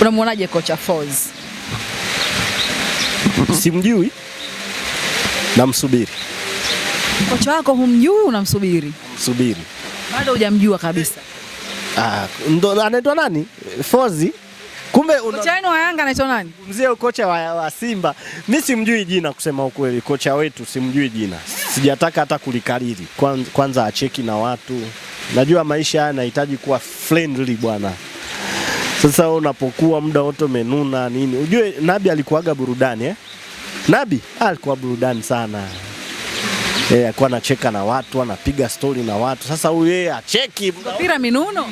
Unamwonaje kocha Folz? Simjui, namsubiri. Kocha wako humjui, unamsubiri? Subiri, bado hujamjua kabisa. Ah, ndo anaitwa nani? Folz Kumbe una... kocha wenu wa Yanga anaitwa nani? Mzee kocha wa, wa Simba. Mimi simjui jina kusema ukweli, kocha wetu simjui jina. Sijataka hata kulikariri. Kwanza acheki na watu. Najua maisha haya yanahitaji kuwa friendly bwana. Sasa unapokuwa muda wote umenuna nini, ujue Nabi alikuwaga burudani eh? Nabi ah, alikuwa burudani sana eh, alikuwa anacheka na watu, anapiga stori na watu. Sasa huyu yeye acheki mpira minuno,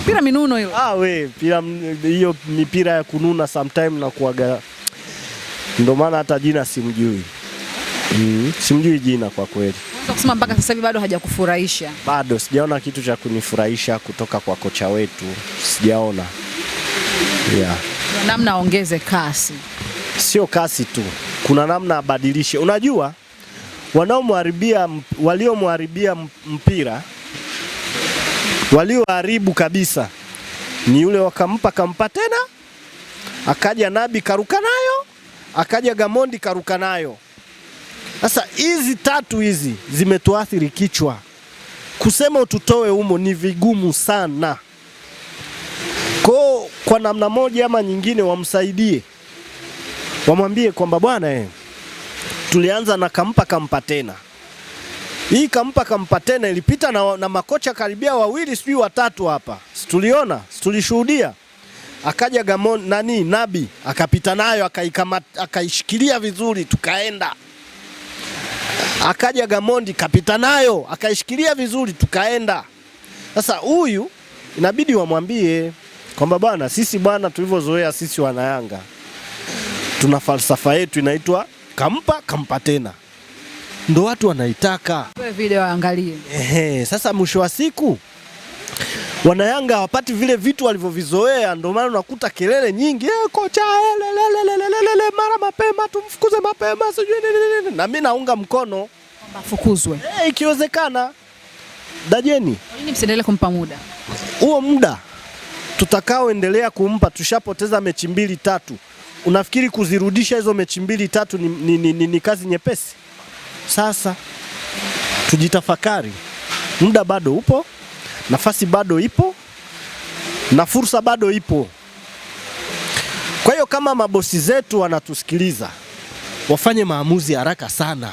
mpira hmm. minuno hiyo. Ah we, pia hiyo mipira ya kununa sometime na kuaga, ndio maana hata jina simjui. Mm, simjui jina kwa kweli. Unaweza kusema mpaka sasa hivi bado hajakufurahisha? Bado sijaona kitu cha kunifurahisha kutoka kwa kocha wetu, sijaona yeah. Namna aongeze kasi, sio kasi tu, kuna namna abadilishe. Unajua wanaomharibia waliomharibia mpira walioharibu kabisa ni yule, wakampa kampa tena, akaja Nabi karuka nayo, akaja Gamondi karuka nayo. Sasa hizi tatu hizi zimetuathiri kichwa, kusema ututoe humo ni vigumu sana kwa namna moja ama nyingine wamsaidie, wamwambie kwamba bwana eh, tulianza na kampa kampa tena hii kampa kampa tena ilipita na, na makocha karibia wawili sijui watatu hapa, situliona situlishuhudia. Akaja Gamon nani Nabi akapita nayo akaishikilia vizuri, tukaenda. Akaja Gamondi kapita nayo akaishikilia vizuri, tukaenda. Sasa huyu inabidi wamwambie kwamba bwana, sisi bwana, tulivyozoea sisi wanayanga tuna falsafa yetu inaitwa kampa kampa tena, ndo watu wanaitaka waangalie. Ehe, sasa mwisho wa siku wanayanga hawapati vile vitu walivyovizoea, ndio maana unakuta kelele nyingi eh, kocha lelelelele, eh, mara mapema tumfukuze mapema, sijui nini. Na mimi naunga mkono kwamba eh, ikiwezekana dajeni. Kwa nini msiendelee kumpa muda huo muda tutakaoendelea kumpa, tushapoteza mechi mbili tatu, unafikiri kuzirudisha hizo mechi mbili tatu ni, ni, ni, ni, ni kazi nyepesi? Sasa tujitafakari, muda bado upo, nafasi bado ipo na fursa bado ipo. Kwa hiyo kama mabosi zetu wanatusikiliza, wafanye maamuzi haraka sana,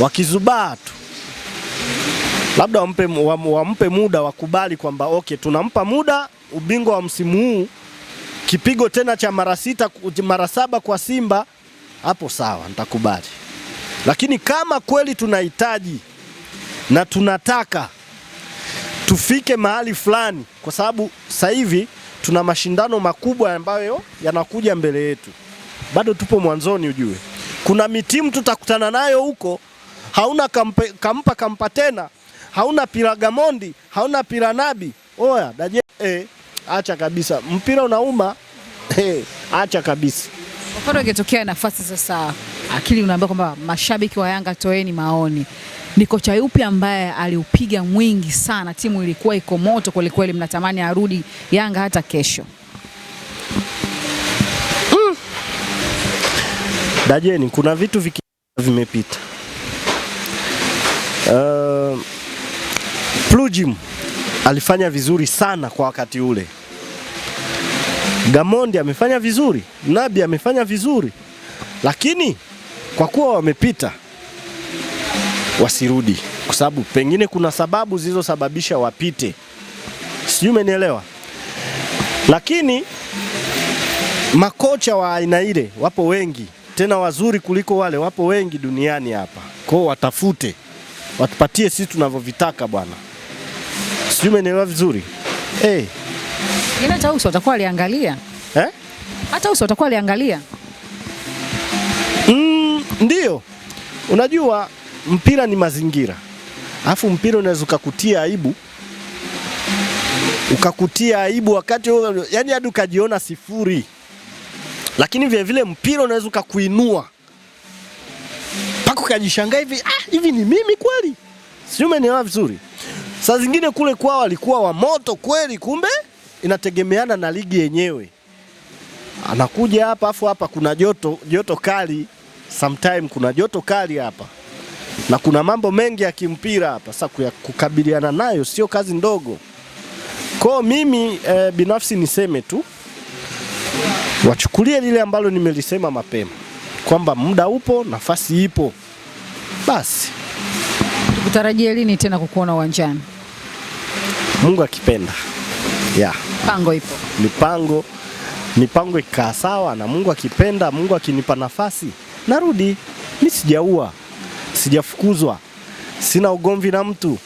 wakizubaa tu labda wampe, wampe muda wakubali kwamba okay, tunampa muda ubingwa wa msimu huu, kipigo tena cha mara sita mara saba kwa Simba, hapo sawa, nitakubali. Lakini kama kweli tunahitaji na tunataka tufike mahali fulani, kwa sababu sasa hivi tuna mashindano makubwa ambayo yanakuja mbele yetu, bado tupo mwanzoni. Ujue kuna mitimu tutakutana nayo huko, hauna kampe, kampa kampa tena hauna Piragamondi, hauna Piranabi, oya daje eh, acha kabisa, mpira unauma eh, acha kabisa. Kwa mfano ikitokea nafasi sasa, akili unaambia kwamba mashabiki wa Yanga toeni maoni, ni kocha yupi ambaye aliupiga mwingi sana, timu ilikuwa iko moto kwelikweli, mnatamani arudi Yanga hata kesho? mm. Dajeni, kuna vitu vikiwa vimepita uh, Plujim alifanya vizuri sana kwa wakati ule. Gamondi amefanya vizuri, Nabi amefanya vizuri, lakini kwa kuwa wamepita wasirudi, kwa sababu pengine kuna sababu zilizosababisha wapite, sijui umenielewa. Lakini makocha wa aina ile wapo wengi, tena wazuri kuliko wale, wapo wengi duniani hapa kwao, watafute watupatie sisi tunavyovitaka bwana. Sijui umeelewa vizuri. Eh. Yeye hata uso atakuwa aliangalia. Eh? Hata uso atakuwa aliangalia. Mm, ndio. Unajua mpira ni mazingira. Alafu mpira unaweza ukakutia aibu ukakutia aibu wakati yani hadi ukajiona sifuri, lakini vile vile mpira unaweza ukakuinua mpaka ukajishangaa hivi, ah, hivi ni mimi kweli? Sijui umenielewa vizuri. Saa zingine kule kwao alikuwa wa moto kweli, kumbe inategemeana na ligi yenyewe. Anakuja hapa afu hapa kuna joto, joto kali sometime, kuna joto kali hapa na kuna mambo mengi ya kimpira hapa. Sasa kukabiliana nayo sio kazi ndogo. Kwa mimi e, binafsi niseme tu wachukulie lile ambalo nimelisema mapema kwamba muda upo, nafasi ipo, basi tukutarajie lini tena kukuona uwanjani? Mungu akipenda, yeah. Mipango ipo, mipango mipango ikaa sawa, na Mungu akipenda, Mungu akinipa nafasi narudi. Mi sijaua, sijafukuzwa, sina ugomvi na mtu,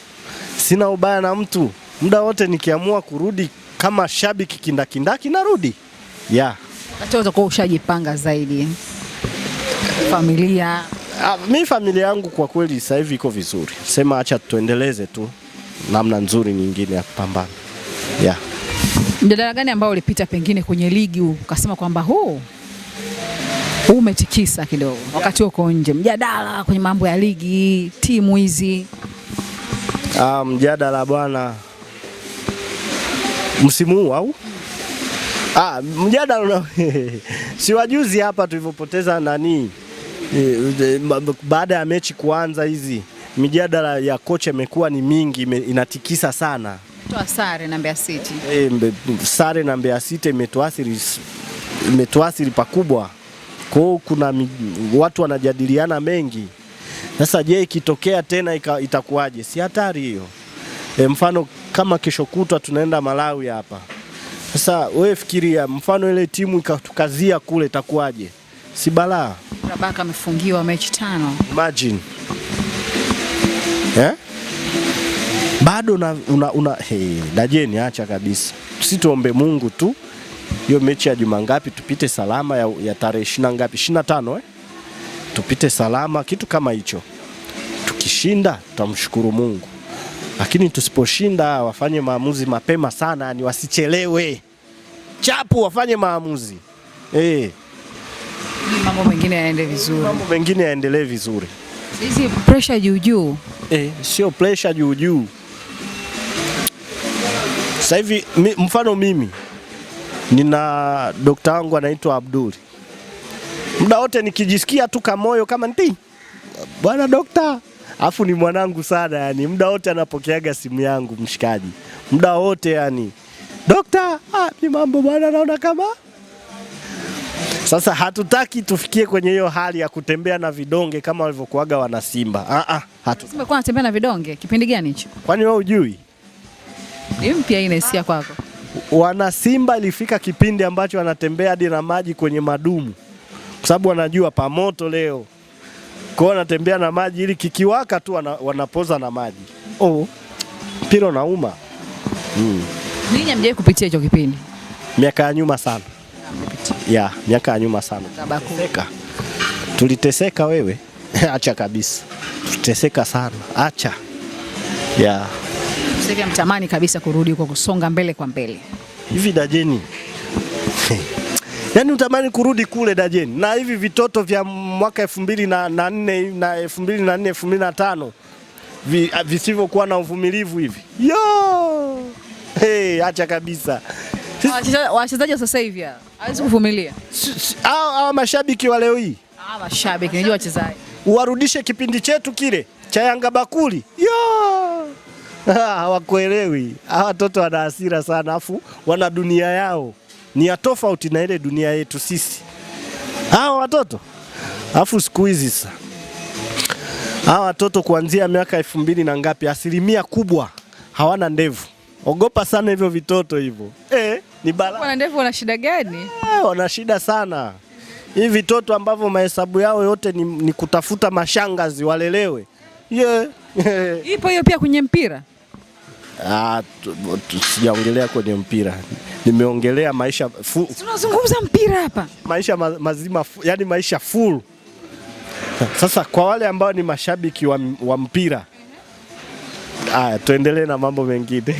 sina ubaya na mtu. Muda wote nikiamua kurudi kama shabiki kindakindaki narudi, yeah. Utakuwa ushajipanga zaidi familia? Ah, mi familia yangu kwa kweli sasa hivi iko vizuri, sema acha tuendeleze tu namna nzuri nyingine ya kupambana yeah. Mjadala gani ambao ulipita pengine kwenye ligi ukasema kwamba huu huu umetikisa kidogo wakati uko nje, mjadala kwenye mambo ya ligi, timu hizi? Ah, mjadala bwana, msimu huu au ah, mjadala si wajuzi hapa tulivyopoteza nani eh, eh, baada ya mechi kuanza hizi mijadala ya kocha imekuwa ni mingi, inatikisa sana. sare na Mbeya City. Eh, mbe, sare na Mbeya City imetuathiri imetuathiri pakubwa. Kwa Kuna kuna watu wanajadiliana mengi. Sasa je, ikitokea tena itakuwaje? Si hatari hiyo? E, mfano kama kesho kutwa tunaenda Malawi hapa. Sasa wewe fikiria, mfano ile timu ikatukazia kule itakuwaje? Si balaa. Rabaka amefungiwa mechi tano. Imagine. Eh? eh? Bado na, una, una, hey, dajeni acha kabisa, tusituombe Mungu tu hiyo mechi ya juma ngapi tupite salama ya, ya tarehe ishirini ngapi, ishirini na tano eh? Tupite salama, kitu kama hicho. Tukishinda tutamshukuru Mungu, lakini tusiposhinda wafanye maamuzi mapema sana, ni wasichelewe, chapu wafanye maamuzi eh. Mambo mengine yaendelee vizuri, mambo mengine yaendelee vizuri. Hizi pressure juu juu eh, sio pressure juu juu. Sasa hivi mi, mfano mimi nina dokta wangu anaitwa Abduli, muda wote nikijisikia tu kamoyo kama nti bwana dokta, afu ni mwanangu sana yani, muda wote anapokeaga simu yangu mshikaji, muda wote yani dokta, ah, ni mambo bwana, naona kama sasa hatutaki tufikie kwenye hiyo hali ya kutembea na vidonge kama walivyokuaga wana Simba. Ah ah, hatu. Simba kwa anatembea na vidonge kipindi gani hicho? Kwani wewe hujui? Ni mpya ina hisia kwako. Wana Simba ilifika kipindi ambacho wanatembea hadi na maji kwenye madumu kwa sababu wanajua pamoto leo. Kwao wanatembea na maji ili kikiwaka tu wana, wanapoza na maji. Oh. Mpira unauma. Mm. Ninyi hamjawahi kupitia hicho kipindi? Miaka ya nyuma sana ya miaka ya nyuma sana tuliteseka. Tuliteseka wewe acha kabisa, tuliteseka sana acha ya sasa mtamani kabisa kurudi huko kusonga mbele kwa mbele hivi dajeni yaani utamani kurudi kule dajeni, na hivi vitoto vya mwaka elfu mbili na nne na elfu mbili na nne elfu mbili na tano visivyokuwa na uvumilivu hivi yo, hey, acha kabisa. Ah, wachezaji wa sasa hivi hawezi kuvumilia. mashabiki wa leo hii, ah, mashabiki wachezaji. Uwarudishe kipindi chetu kile cha Yanga bakuli hawakuelewi. Hawa watoto wana hasira sana, afu wana dunia yao ni ya tofauti na ile dunia yetu sisi, hawa watoto. Afu siku hizi sasa hawa watoto kuanzia miaka elfu mbili na ngapi, asilimia kubwa hawana ndevu. Ogopa sana hivyo vitoto hivyo eh, ni balaa. Wana ndevu wana shida gani? Eh, wana shida sana hivi vitoto ambavyo mahesabu yao yote ni, ni kutafuta mashangazi walelewe. Yeah. Ipo hiyo pia kwenye mpira? Ah, sijaongelea kwenye mpira, nimeongelea maisha fu... tunazungumza mpira hapa, maisha ma mazima fu... yani maisha full. Sasa kwa wale ambao ni mashabiki wa, wa mpira Aya, tuendelee na mambo mengine.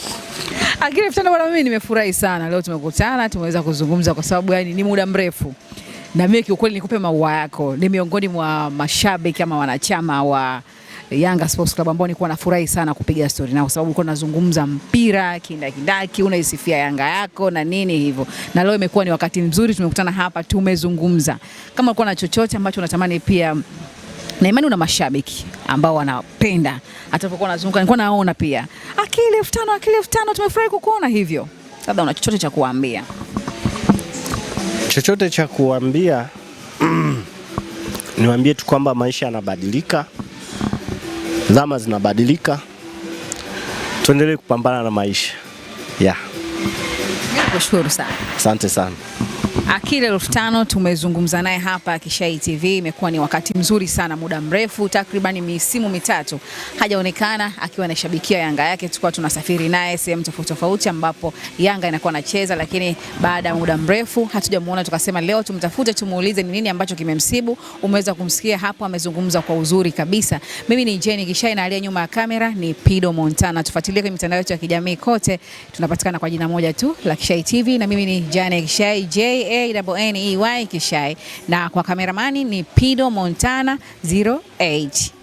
Akili Mtanda bwana, mimi nimefurahi sana leo tumekutana, tumeweza kuzungumza kwa sababu yani ni muda mrefu, na mimi kiukweli nikupe maua yako. Ni miongoni mwa mashabiki ama wanachama wa Yanga Sports Club ambao nilikuwa nafurahi sana kupiga story nao kwa sababu ulikuwa unazungumza mpira kindakindaki, unaisifia Yanga yako na nini hivyo, na leo imekuwa ni wakati mzuri, tumekutana hapa, tumezungumza. Kama ulikuwa na chochote ambacho unatamani pia na imani una mashabiki ambao wanapenda hata unapokuwa unazunguka. Nilikuwa naona pia akili elfu tano akili elfu tano tumefurahi kukuona hivyo, labda una chochote cha kuambia? Chochote cha kuambia niwaambie tu kwamba maisha yanabadilika, zama zinabadilika, tuendelee kupambana na maisha. Yeah. Nakushukuru sana. Asante sana. Akile elfu tano tumezungumza naye hapa Kishai TV. Imekuwa ni wakati mzuri sana, muda mrefu, takriban misimu mitatu hajaonekana akiwa anashabikia Yanga yake. Tulikuwa tunasafiri naye sehemu tofauti tofauti ambapo Yanga inakuwa anacheza, lakini baada ya muda mrefu hatujamuona, tukasema leo tumtafute, tumuulize ni nini ambacho kimemsibu. Umeweza kumsikia hapo, amezungumza kwa uzuri kabisa. Mimi ni Jenny Kishai na aliye nyuma ya kamera ni Pido Montana. Tufuatilie kwenye mitandao yetu ya kijamii kote, tunapatikana kwa jina moja tu la Kishai TV, na mimi ni Jane Kishai J k a n e y Kishai, na kwa kameramani ni Pido Montana 08.